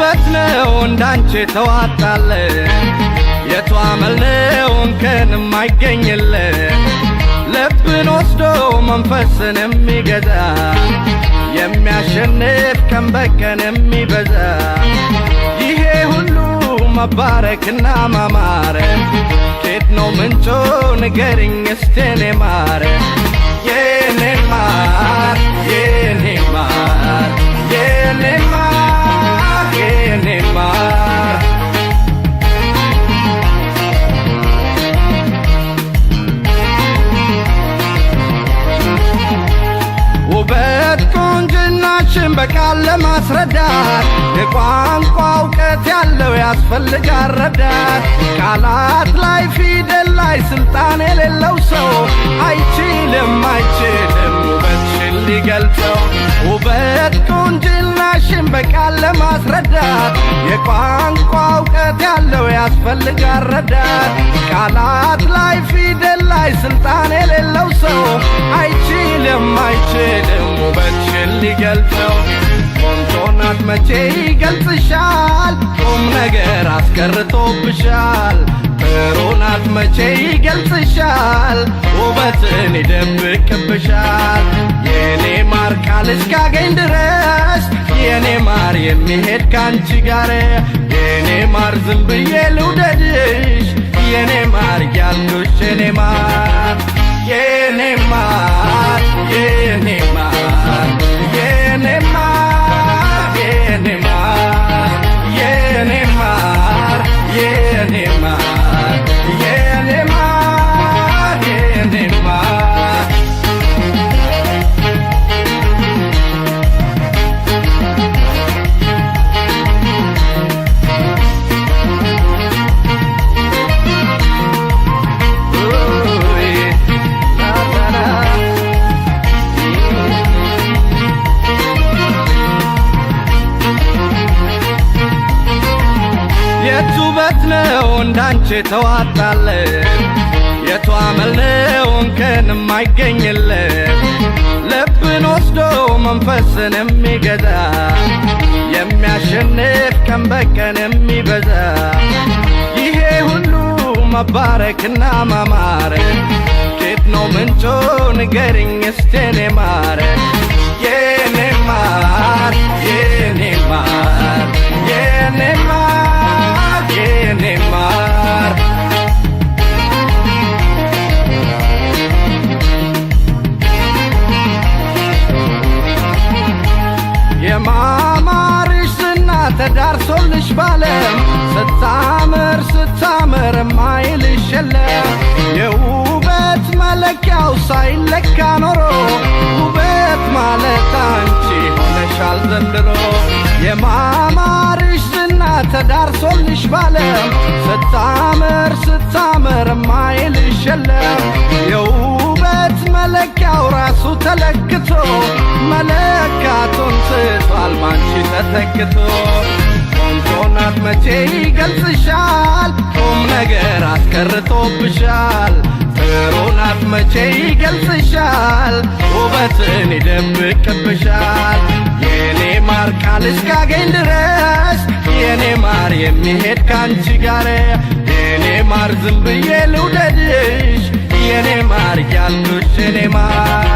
ውበት ነው እንዳንቺ ተዋጣለ የቷመለውን ከን ማይገኝለ ልብን ወስዶ መንፈስን የሚገዛ የሚያሸንፍ ቀን በቀን የሚበዛ ይሄ ሁሉ መባረክና ማማረ ኬት ነው ምንጮ ንገርኝ እስቴኔ ማረ የኔ ማር የኔ በቃል ለማስረዳት የቋንቋ እውቀት ያለው ያስፈልጋል ረዳት። ቃላት ላይ ፊደል ላይ ስልጣን የሌለው ሰው አይችልም አይችልም ውበትሽን ሊገልጸው። ውበት ቁንጅናሽን በቃል ለማስረዳት የቋንቋ እውቀት ያለው ያስፈልጋል ረዳት። ቃላት ላይ ፊደል ላይ ስልጣን የሌለው ሰው አይችልም መቼ ይገልጽሻል? ቁም ነገር አስቀርቶብሻል። ሮናት መቼ ይገልጽሻል? ውበትን ይደብቅብሻል። የኔ ማር ቃል እስካገኝ ድረስ የኔ ማር የሚሄድ ካንቺ ጋር የኔ ማር ዝም ብዬ ልውደድሽ የኔ ማር ያልኩ ነው እንዳንቺ ተዋጣለ የቷ መልነው እንከን ልብን ወስዶ መንፈስን የሚገዛ የሚያሸንፍ ቀን በቀን የሚበዛ ይሄ ሁሉ መባረክና ማማረ ጌት ነው ምንጮ ንገርኝ እስቴኔ ማረ የኔ ማር የኔ ማር ባይለካ ኖሮ ውበት ማለት አንቺ ሆነሻል ዘንድሮ የማማርሽ ዝና ተዳርሶልሽ ባለም ስታምር ስታምር ማይልሽ የለም የውበት መለኪያው ራሱ ተለክቶ መለካቱን ስቷል ባንቺ ተተክቶ ቆንጆናት መቼ ይገልጽሻል ቁም ነገር አስቀርቶብሻል መቼ ይገልጽሻል? ውበትን ይደብቅብሻል። የኔ ማር ቃል እስካገኝ ድረስ የኔ ማር የሚሄድ ካንቺ ጋር የኔ ማር ዝም ብዬ ልውደድሽ የኔ ማር ያልኩሽ የኔ ማር